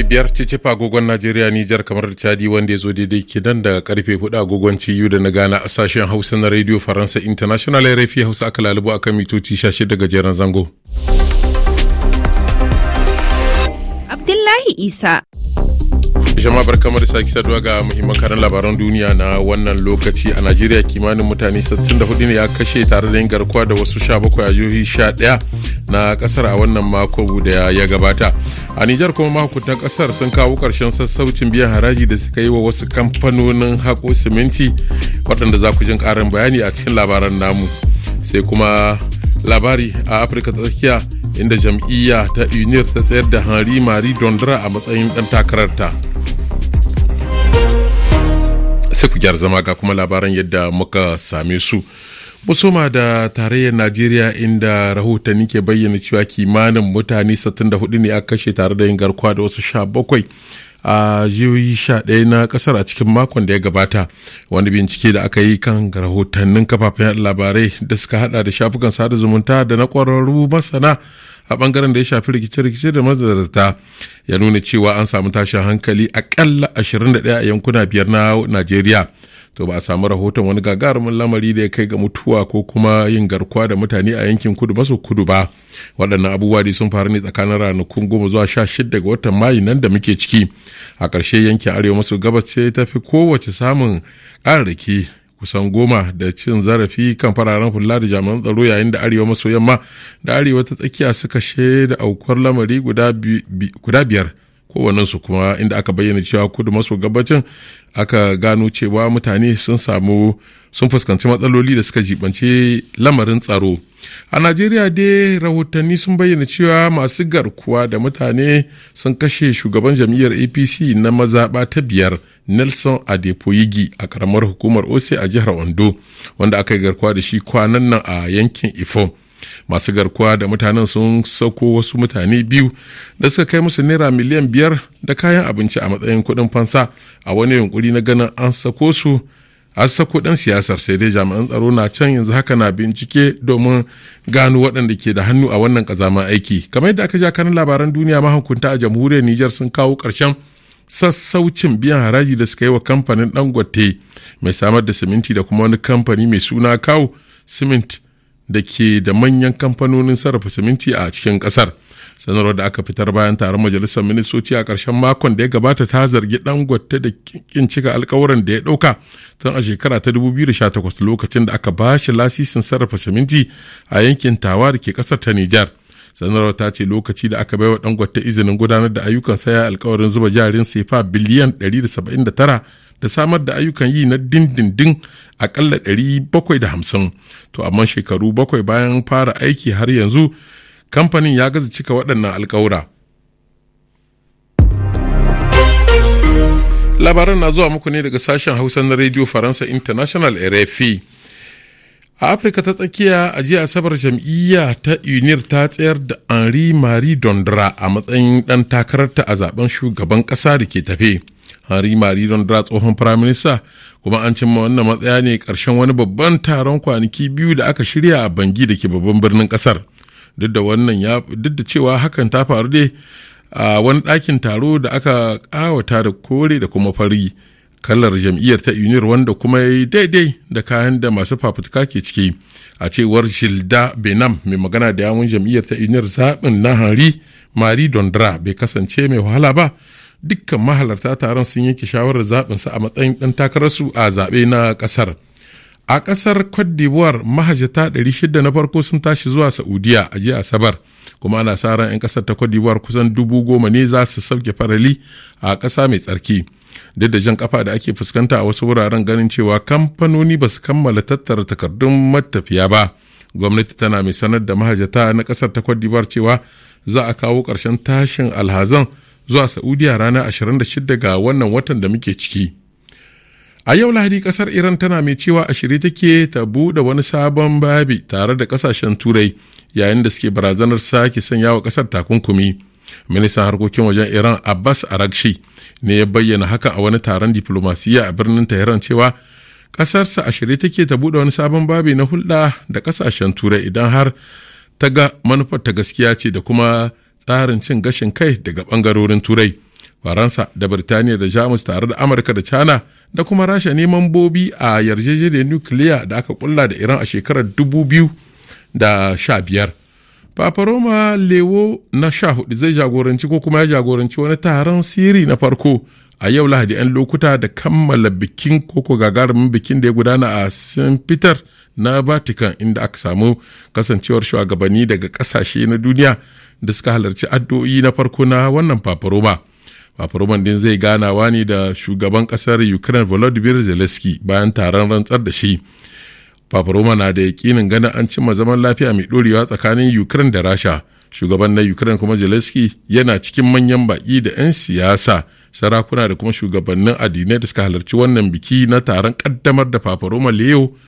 karfe biyar cicifa agogon najeriya nijar kamar da chadi wanda ya zo daidai nan daga karfe hudu agogon ciyu da na gana a sashen hausa na radio faransa international rafi hausa aka lalubu akan mitoci shashe daga jeren zango abdullahi isa jama'a barkamu da sake saduwa ga muhimman karin labaran duniya na wannan lokaci a najeriya kimanin mutane 64 ne ya kashe tare da yin garkuwa da wasu 17 a jihohi 11 na kasar a wannan mako da ya gabata a nijar kuma mahukuntan kasar sun kawo karshen sassaucin biyan haraji da suka yi wa wasu kamfanonin hako siminti waɗanda za ku jin ƙarin bayani a cikin labaran namu sai kuma labari a afirka tsakiya inda jam'iyya ta unir ta tsayar da henri marie dondra a matsayin ɗan takararta. sai ku gyara zama ga kuma labaran yadda muka same su musoma da tarayyar najeriya inda rahotanni ke bayyana cewa kimanin mutane 64 ne aka kashe tare da yin garkuwa da wasu 17 a jihohi 11 na kasar a cikin makon da ya gabata wani bincike da aka yi kan rahotannin kafafen labarai da suka hada da shafukan sada zumunta da na kwararru masana a bangaren da ya shafi rikice-rikice da mazarta ya nuna cewa an samu tashin hankali akalla 21 a yankuna biyar na najeriya to ba a samu rahoton wani gagarumin lamari da ya kai ga mutuwa ko kuma yin garkuwa da mutane a yankin kudu maso kudu ba waɗannan abubuwa dai sun faru ne tsakanin ranakun goma zuwa sha shida ga watan mayu nan da muke ciki a ƙarshe yankin arewa maso gabas sai ta fi kowace samun ƙararraki kusan goma da cin zarafi kan fararen hula da jami'an tsaro yayin da arewa maso yamma da arewa ta tsakiya suka shaida aukuwar lamari guda biyar kowannensu kuma inda aka bayyana cewa kudu maso gabacin aka gano cewa mutane sun samu sun fuskanci matsaloli da suka jibanci lamarin tsaro a najeriya dai rahotanni sun bayyana cewa masu garkuwa da mutane sun kashe shugaban jam'iyyar apc na mazaɓa ta biyar nelson adepoyigi a karamar hukumar ose a jihar ondo wanda aka yi garkuwa da shi kwanan nan a yankin ifo masu garkuwa da mutanen sun sauko wasu mutane biyu da suka kai musu naira miliyan biyar da kayan abinci a matsayin kuɗin fansa a wani yunkuri na ganin an sako su a sako ɗan siyasar sai dai jami'an tsaro na can yanzu haka na bincike domin gano waɗanda ke da hannu a wannan ƙazama aiki kamar yadda aka ja kanin labaran duniya mahukunta a jamhuriyar niger sun kawo ƙarshen sassaucin biyan haraji da suka yi wa kamfanin dangote mai samar da siminti da kuma wani kamfani mai suna kawo simint da ke da manyan kamfanonin sarrafa siminti a cikin kasar sanarwar da aka fitar bayan taron majalisar ministoci a ƙarshen makon da ya gabata ta zargi dangote da kin cika alkawuran da ya ɗauka tun a shekara ta 2018 lokacin da aka ba shi lasisin sarrafa siminti a yankin tawa da ke ƙasar ta nijar sanarwar ta ce lokaci da aka baiwa dangwata izinin gudanar da ayyukan saya alkawarin zuba jarin sefa biliyan 179 da samar da ayyukan yi na dindindin akalla 750 to amma shekaru bakwai bayan fara aiki har yanzu kamfanin ya gaza cika waɗannan alkawura labaran na zuwa muku ne daga sashen hausa na rediyo faransa international rfi a afirka ta tsakiya a jiya asabar jam'iyya ta unir ta tsayar da henri marie dondra a matsayin dan takararta a zaben shugaban kasa da ke tafe henri marie dondra tsohon firaminista kuma an cimma wannan matsaya ne karshen wani babban taron kwanaki biyu da aka shirya a bangi da ke babban birnin kasar duk da duk da cewa hakan ta faru ne a wani ɗakin taro da aka ƙawata da kore da kuma fari kallar jam'iyyar ta unir wanda kuma ya yi daidai da kayan da masu fafutuka ke ciki a cewar shilda benam mai magana da yawun jam'iyyar ta unir zaɓin na hari mari dondra bai kasance mai wahala ba dukkan mahalarta taron sun yanke shawarar zaɓinsa a matsayin ɗan takararsu a zaɓe na ƙasar a ƙasar cote d'ivoire mahajata 600 na farko sun tashi zuwa saudiya a jiya asabar kuma ana sa ran 'yan ƙasar ta cote d'ivoire kusan dubu goma ne za su sauke farali a ƙasa mai tsarki duk da jan kafa da ake fuskanta a wasu wuraren ganin cewa kamfanoni ba su kammala tattara takardun matafiya ba gwamnati tana mai sanar da mahajata na kasar ta d'Ivoire cewa za a kawo ƙarshen tashin alhazan zuwa saudiya ranar 26 ga wannan watan da muke ciki a yau lahadi kasar iran tana mai cewa a shirye take ta buɗe wani sabon babi tare da ƙasashen turai yayin da suke barazanar sake sanya wa ƙasar takunkumi ministan harkokin wajen iran abbas arakshi ne ya bayyana haka a wani taron diflomasiyya a birnin tehran cewa ƙasarsa a shirye take ta buɗe wani sabon babi na hulɗa da ƙasashen turai idan har ta ga manufar ta gaskiya ce da kuma tsarin cin gashin kai daga ɓangarorin turai faransa da birtaniya da jamus tare da amurka da china da kuma rasha ne mambobi a yarjejeniyar nukiliya da aka kulla da iran a shekarar 2015 Papa Roma Lewo na sha hudu zai jagoranci ko kuma ya jagoranci wani taron siri na farko a yau Lahadi 'yan lokuta da kammala bikin koko gagarumin bikin da ya gudana a St. Peter na Vatican inda aka samu kasancewar shugabanni daga kasashe na duniya da suka halarci addu'o'i na farko na wannan Papa Roma. Papa Roma din zai ganawa ne da shugaban kasar Ukraine Volodymyr Zelensky bayan taron rantsar da shi. Papa Roma na da yakinin ganin an cimma zaman lafiya mai ɗorewa tsakanin Ukraine da Rasha. Shugaban na Ukraine kuma Zelensky yana cikin manyan baƙi da 'yan siyasa, sarakuna da kuma shugabannin addinai da suka halarci wannan biki na taron ƙaddamar da Papa Roma Leo